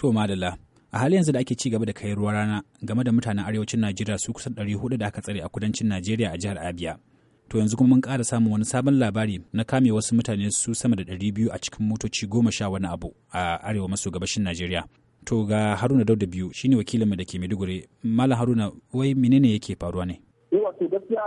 To madala, a halin yanzu da ake ci gaba da kai ruwa rana game da mutanen arewacin Najeriya su kusan 400 da aka tsare a kudancin Najeriya a jihar Abia. To yanzu kuma mun ƙara samun wani sabon labari na kame wasu mutane su sama da 200 a cikin motoci goma sha wani abu a arewa maso gabashin Najeriya. To ga Haruna Dauda biyu shine wakilinmu da ke Maiduguri. Malam Haruna wai menene yake faruwa ne? Eh, wato gaskiya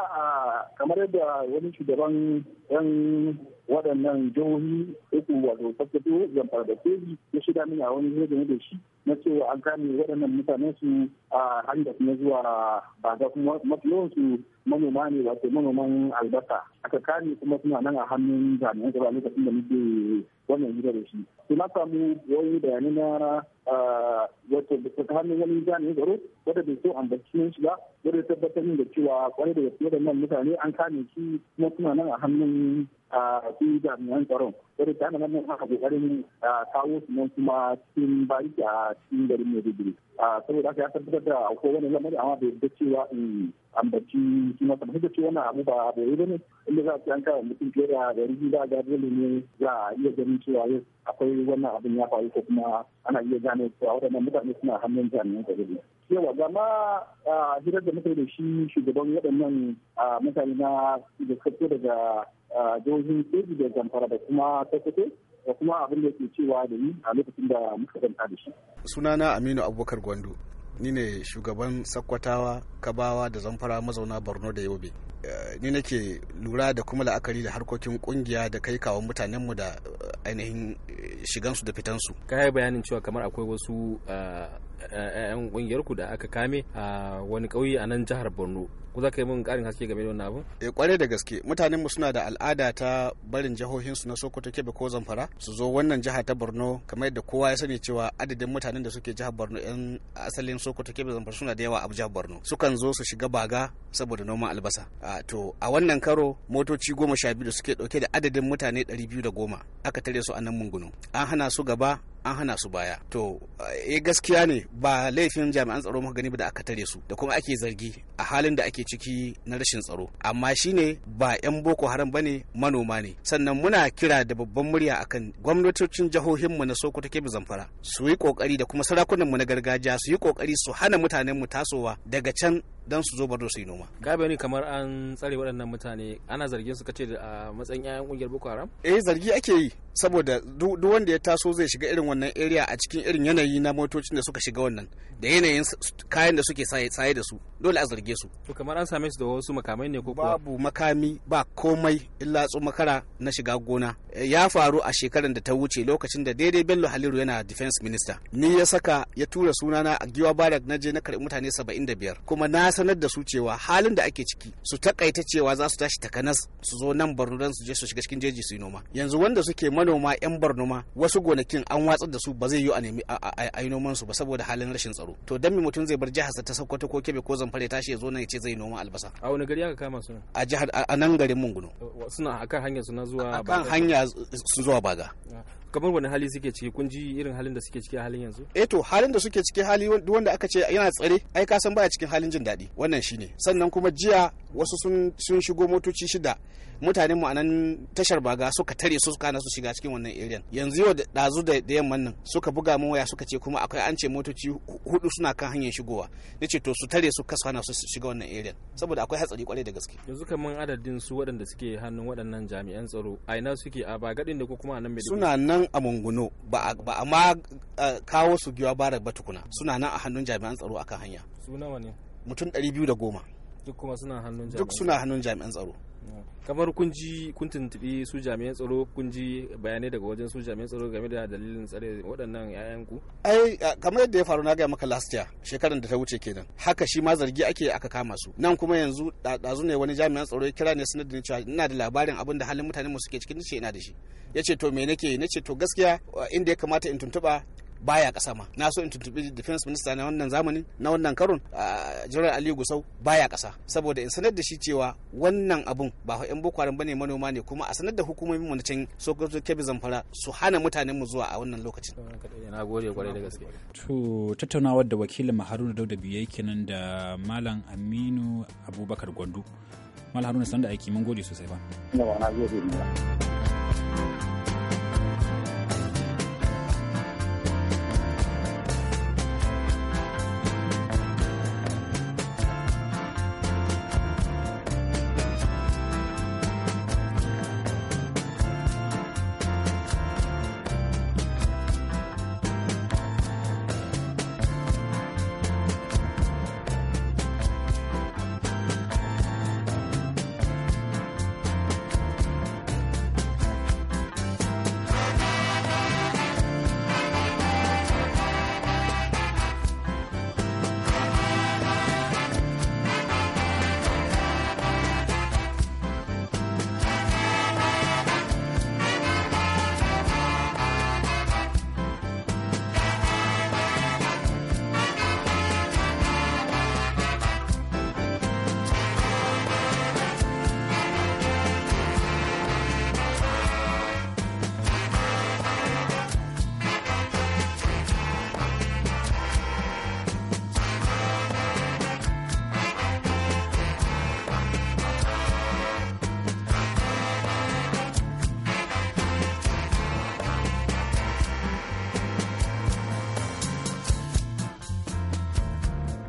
kamar yadda wani shugaban 'yan waɗannan jihohi uku wato tabbato zamfara da kogi ya shiga mini a wani hujjar da shi na cewa an kame waɗannan mutane su a hanyar na zuwa ga kuma mafiyawan su manoma ne wato manoman albasa aka kame kuma suna nan a hannun jami'an tsaro lokacin da muke wannan hira da shi su na samu wani bayani na wato ta hannun wani jami'an tsaro wadda bai so ambacin shi ba wadda tabbatar da cewa kwarai da gaske waɗannan mutane an kame su kuma suna nan a hannun su jami'an tsaron wadda ta nan nan haka kokarin kawo su nan kuma cikin bariki a cikin garin a saboda haka ya tabbatar da ko wani lamari amma bai da cewa in ambaci suna kamar da cewa na abu ba ne bane inda za su yanka mutum fiye da gari da ga dole ne za a iya ganin cewa akwai wannan abin ya faru ko kuma ana iya gane cewa waɗannan mutane suna hannun jami'an tsaro ne yawa gama hirar da muka da shi shugaban waɗannan mutane na da daga jihohin Kebbi da Zamfara da kuma Sokoto da kuma abin da ke cewa da yi a lokacin da muka danta da shi. Sunana Aminu Abubakar Gwando. Ni ne shugaban Sakkwatawa, Kabawa da Zamfara mazauna Borno da Yobe. Eh, ni nake lura da kuma la'akari da harkokin kungiya da kai kawon mutanenmu da eh, ainihin eh, shigansu da fitansu. Ka yi bayanin cewa kamar akwai wasu 'yan kungiyar ku da aka kame a wani ƙauye a nan jihar Borno. Ku za ka yi mun ƙarin haske game da wannan abu Eh kware da gaske mutanen mu suna da al'ada ta barin jihohin su na Sokoto kebe ko Zamfara su zo wannan jiha ta Borno kamar yadda kowa ya sani cewa adadin mutanen da suke jihar Borno 'yan asalin Sokoto kebe Zamfara suna da yawa a jihar Borno. Sukan zo su shiga baga saboda noman albasa. to a wannan karo motoci goma sha biyu da suke dauke da adadin mutane ɗari biyu da goma aka tare su a nan mungunu. An hana su gaba an hana su baya to eh gaskiya ne ba laifin jami'an tsaro muka gani ba da aka tare su da kuma ake zargi a halin da ake ciki na rashin tsaro amma shine ba 'yan boko haram bane manoma ne sannan muna kira da babban murya akan gwamnatocin mu na sokoto kebe zamfara su yi kokari da kuma sarakunan mu na gargajiya su yi kokari su hana mutanen mu tasowa daga can Dan su zo Borno su yi noma. Gabe ne kamar an tsare waɗannan mutane ana zargin su kace a matsayin ƴaƴan ƙungiyar Boko Haram? Eh zargi ake yi saboda duk wanda ya taso zai shiga irin wannan area a cikin irin yanayi na motocin da suka shiga wannan da yanayin kayan da suke saye da su dole a zarge su. To kamar an same su da wasu makamai ne ko kuwa? Babu makami ba komai illa makara na shiga gona. Eh, ya faru a shekarar da ta wuce lokacin da daidai Bello Haliru yana defense minister. Ni ya saka ya tura sunana a Giwa Barak na je na karɓi mutane saba'in biyar kuma na sanar da su cewa halin da ake ciki su takaita cewa za su tashi takanas su zo nan Borno don su je su shiga cikin jeji su yi noma yanzu wanda suke manoma yan Borno ma wasu gonakin an watsar da su ba zai yi a nemi a yi noman su ba saboda halin rashin tsaro to dan me mutum zai bar jihar ta Sokoto ko Kebbi ko Zamfara ya tashi ya zo nan ya ce zai noma albasa a wani gari aka kama su a jihar a nan garin Munguno suna akan hanya su na zuwa akan hanya su zuwa Baga ah, kamar wani hali suke ciki kun ji irin halin da suke ciki a halin yanzu eh to halin da suke ciki hali wanda aka ce yana tsare ai ka san baya cikin halin jin daɗi daɗi wannan shine sannan kuma jiya wasu sun shigo motoci shida mutanen mu anan tashar baga suka tare su suka su shiga cikin wannan area yanzu yau da dazu da yamman nan suka buga mu waya suka ce kuma akwai an ce motoci hudu suna kan hanyar shigowa nace to su tare su kasu na su shiga wannan area saboda akwai hatsari kwarai da gaske yanzu kaman adadin su waɗanda suke hannun waɗannan jami'an tsaro a ina suke a ba gadin da ko kuma a nan suna nan a munguno ba a ma eh, kawo su giwa bara ba tukuna suna nan a hannun jami'an tsaro akan hanya suna wani mutum 210 duk kuma suna hannun jami'an duk suna hannun jami'an tsaro kamar kun ji kun tuntubi su jami'an tsaro kun ji bayanai daga wajen su jami'an tsaro game da dalilin tsare waɗannan ku ai kamar yadda ya faru na gaya maka last year shekaran da ta wuce kenan haka shi ma zargi ake aka kama su nan kuma yanzu ɗazu ne wani jami'an tsaro ya kira ne sanar da cewa ina da labarin abin da halin mutanen mu suke cikin ce ina da shi ya ce to me nake na ce to gaskiya inda ya kamata in tuntuɓa baya kasa ma na so in tuntuɓi defense minister na wannan zamani na wannan karon jiran aliyu gusau baya kasa saboda in sanar da shi cewa wannan abun ba yan boko haram bane manoma ne kuma a sanar da hukumomin mu na can sokoto kebbi zamfara su hana mutanen mu zuwa a wannan lokacin na gode kwarai da gaske to tattaunawar da wakilin da dauda biye kenan da malam aminu abubakar gwandu malam haruna sanda aiki mun gode sosai ba na gode